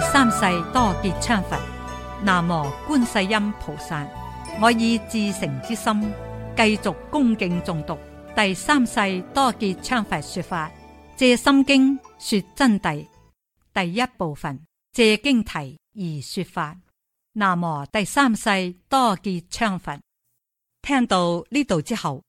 第三世多杰羌佛，南無觀世音菩薩。我以至誠之心，繼續恭敬重讀第三世多杰羌佛說法《藉心經說真諦》第一部分。藉經題而說法，南無第三世多杰羌佛。聽到呢度之後，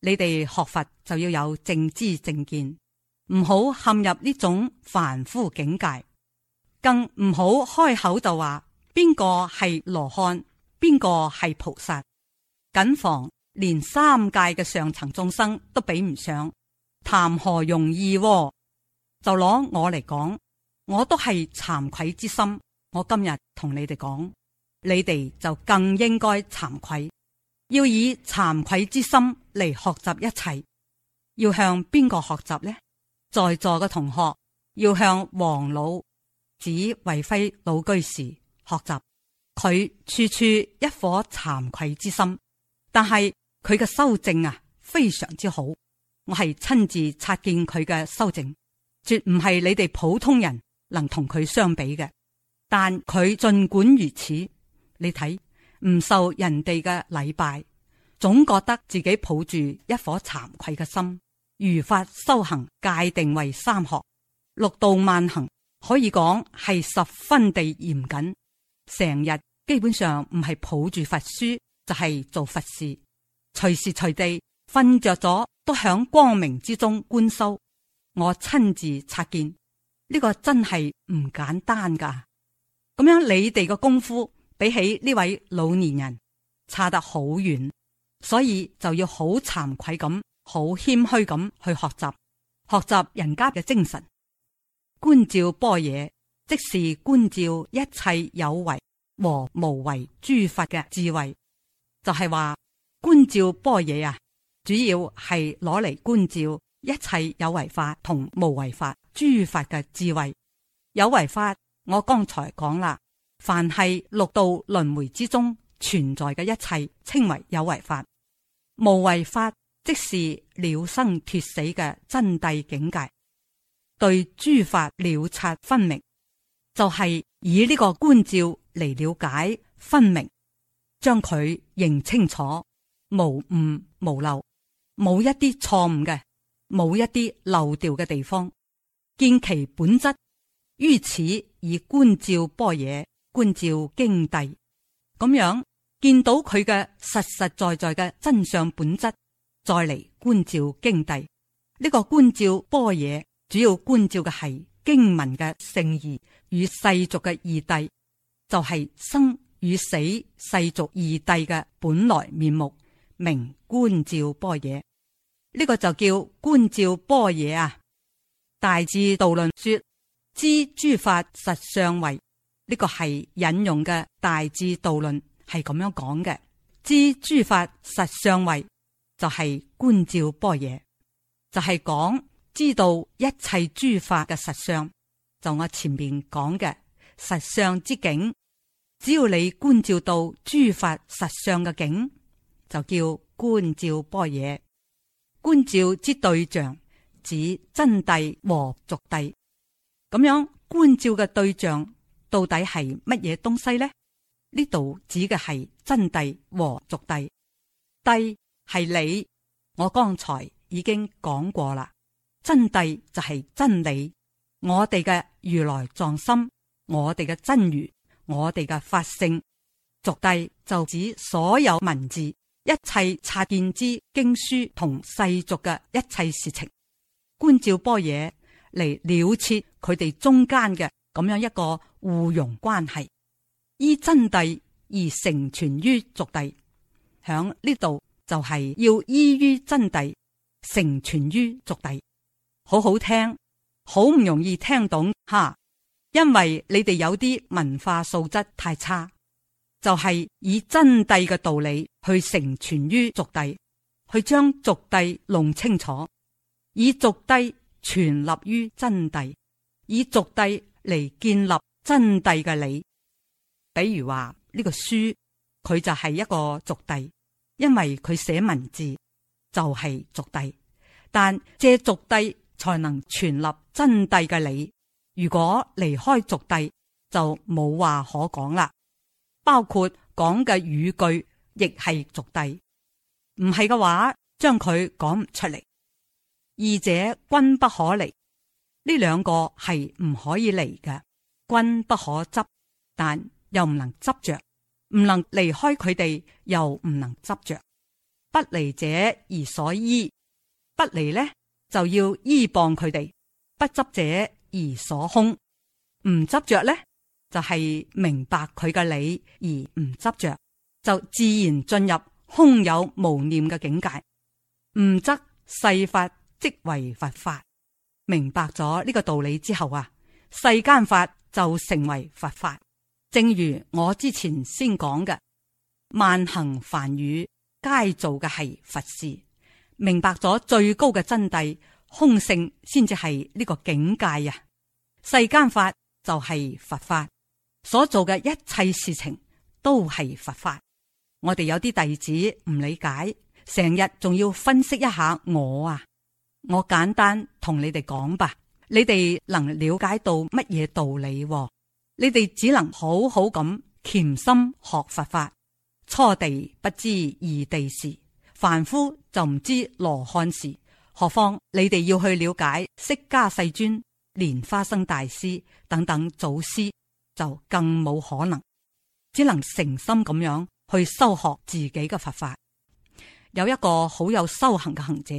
你哋學佛就要有正知正見，唔好陷入呢種凡夫境界。更唔好開口就話邊個係羅漢，邊個係菩薩，謹防連三界嘅上層眾生都比唔上，談何容易？就攞我嚟講，我都係慚愧之心。我今日同你哋講，你哋就更應該慚愧，要以慚愧之心嚟學習一切。要向邊個學習呢？在座嘅同學要向王老，指維輝老居士學習，佢處處一顆慚愧之心，但係佢嘅修證啊非常之好，我係親自察見佢嘅修證，絕唔係你哋普通人能同佢相比嘅。但佢儘管如此，你睇唔受人哋嘅禮拜，總覺得自己抱住一顆慚愧嘅心，如法修行，界定為三學六度萬行。可以講係十分地嚴謹，成日基本上唔係抱住佛書就係做佛事，隨時隨地瞓着咗都響光明之中觀修。我親自察見呢個真係唔簡單噶，咁樣你哋嘅功夫比起呢位老年人差得好遠，所以就要好慚愧咁，好謙虛咁去學習，學習人家嘅精神。觀照般若，即是觀照一切有為和無為諸法嘅智慧，就係、是、話觀照般若啊，主要係攞嚟觀照一切有為法同無為法諸法嘅智慧。有為法，我剛才講啦，凡係六道輪回之中存在嘅一切，稱為有為法；無為法，即是了生脱死嘅真諦境界。對諸法了察分明，就係、是、以呢個觀照嚟，了解分明，將佢認清楚，無誤無漏，冇一啲錯誤嘅，冇一啲漏掉嘅地方，見其本質，於此而觀照般若，觀照經地咁樣見到佢嘅實實在在嘅真相本質，再嚟觀照經地呢、這個觀照般若。主要觀照嘅係經文嘅聖義與世俗嘅義諦，就係、是、生與死、世俗義諦嘅本來面目，名觀照般若」。呢、這個就叫觀照般若」啊！大智度論說，知諸法實相慧呢、這個係引用嘅大智度論係咁樣講嘅，知諸法實相慧就係、是、觀照般若」，就係講。知道一切諸法嘅實相，就我前面講嘅實相之境。只要你觀照到諸法實相嘅境，就叫觀照般若。觀照之對象指真諦和俗諦。咁樣觀照嘅對象到底係乜嘢東西呢？呢度指嘅係真諦和俗諦。諦係你，我剛才已經講過啦。真諦就係真理，我哋嘅如來藏心，我哋嘅真如，我哋嘅法性。俗諦就指所有文字、一切察見之經書同世俗嘅一切事情，觀照般若嚟了徹佢哋中間嘅咁樣一個互容關係，依真諦而成存於俗諦。響呢度就係要依於真諦成存於俗諦。好好聽，好唔容易聽懂哈，因為你哋有啲文化素質太差，就係、是、以真諦嘅道理去成全於俗諦，去將俗諦弄清楚，以俗諦全立於真諦，以俗諦嚟建立真諦嘅理。比如話呢、這個書佢就係一個俗諦，因為佢寫文字就係、是、俗諦，但借俗諦。才能全立真諦嘅理，如果離開俗諦，就冇話可講啦。包括講嘅語句，亦係俗諦。唔係嘅話，將佢講唔出嚟。二者均不可離，呢兩個係唔可以離嘅。均不可執，但又唔能執着，唔能離開佢哋，又唔能執着。不離者而所依，不離呢？就要依傍佢哋，不執者而所空，唔執着呢，就係、是、明白佢嘅理而唔執着，就自然進入空有無念嘅境界。唔執世法即為佛法，明白咗呢個道理之後啊，世間法就成為佛法。正如我之前先講嘅，萬行凡語皆做嘅係佛事。明白咗最高嘅真諦，空性先至係呢個境界啊。世間法就係佛法，所做嘅一切事情都係佛法。我哋有啲弟子唔理解，成日仲要分析一下我啊。我簡單同你哋講吧，你哋能了解到乜嘢道理啊？你哋只能好好咁潛心學佛法，初地不知二地事，凡夫就唔知羅漢事，何況你哋要去了解釋迦世尊、蓮花生大師等等祖師，就更冇可能。只能誠心咁樣去修學自己嘅佛法。有一個好有修行嘅行者，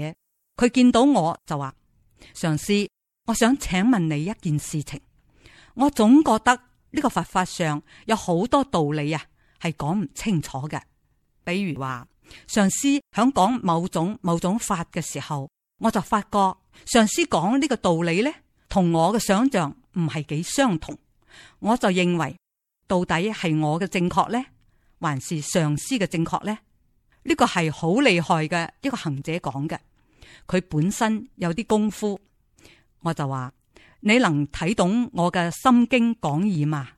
佢見到我就話：「上師，我想請問你一件事情。我總覺得呢個佛法上有好多道理啊，係講唔清楚嘅，比如話。上司響講某種某種法嘅時候，我就發覺上司講呢個道理呢，同我嘅想象唔係幾相同。我就認為到底係我嘅正確呢，還是上司嘅正確呢？呢個係好厲害嘅一個行者講嘅，佢本身有啲功夫。我就話，你能睇懂我嘅心經講義嘛？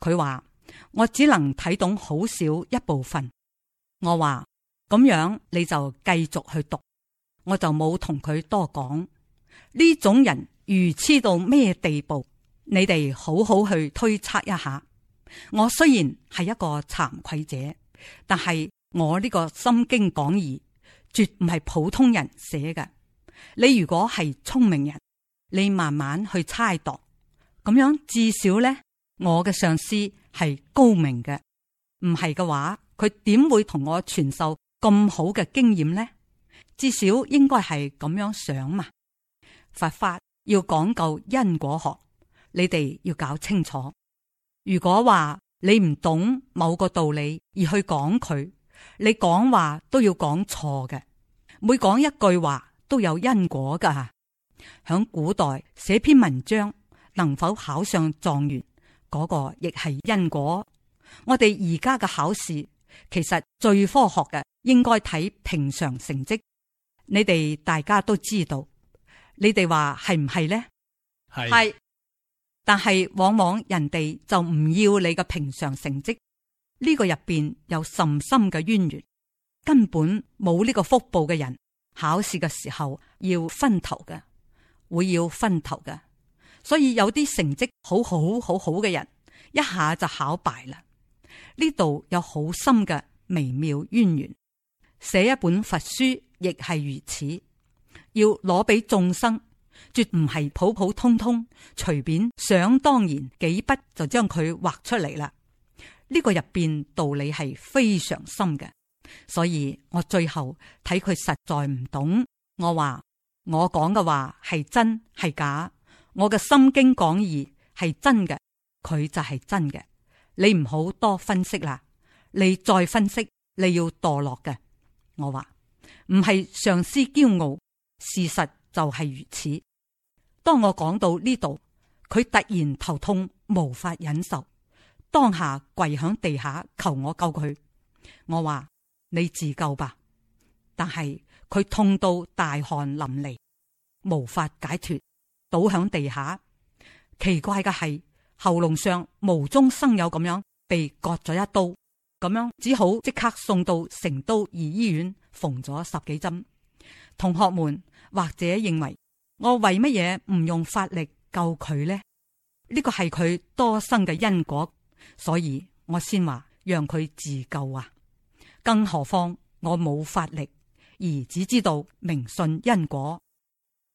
佢話，我只能睇懂好少一部分。我話。咁樣你就繼續去讀，我就冇同佢多講。呢種人愚痴到咩地步？你哋好好去推測一下。我雖然係一個慚愧者，但係我呢個心經講義絕唔係普通人寫嘅。你如果係聰明人，你慢慢去猜度。咁樣至少呢，我嘅上司係高明嘅。唔係嘅話，佢點會同我傳授？咁好嘅經驗呢，至少應該係咁樣想嘛。佛法要講究因果學，你哋要搞清楚。如果話你唔懂某個道理而去講佢，你講話都要講錯嘅。每講一句話都有因果噶。響古代寫篇文章能否考上狀元，嗰個亦係因果。我哋而家嘅考試。其實最科學嘅應該睇平常成績，你哋大家都知道，你哋話係唔係咧？係是，但係往往人哋就唔要你嘅平常成績，呢個入邊有甚深嘅淵源，根本冇呢個福報嘅人，考試嘅時候要分頭嘅，會要分頭嘅，所以有啲成績好好好好嘅人，一下就考敗啦。呢度有好深嘅微妙淵源，寫一本佛書亦係如此，要攞俾眾生，絕唔係普普通通、隨便想當然幾筆就將佢畫出嚟啦。呢、這個入邊道理係非常深嘅，所以我最後睇佢實在唔懂，我，我話我講嘅話係真係假，我嘅《心經講義》係真嘅，佢就係真嘅。你唔好多分析啦，你再分析，你要墮落嘅。我話唔係上師驕傲，事實就係如此。當我講到呢度，佢突然頭痛，無法忍受，當下跪喺地下求我救佢。我話你自救吧，但係佢痛到大汗淋漓，無法解脫，倒喺地下。奇怪嘅係，喉嚨上無中生有咁樣被割咗一刀，咁樣只好即刻送到成都二醫院縫咗十幾針。同學們或者認為我為乜嘢唔用法力救佢呢？呢個係佢多生嘅因果，所以我先話讓佢自救啊！更何況我冇法力，而只知道明信因果。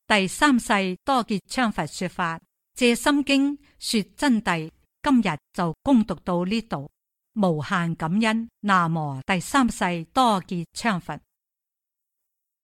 第三世多杰羌佛說法。藉心經說真諦，今日就恭誦到呢度，無限感恩。南無第三世多杰羌佛。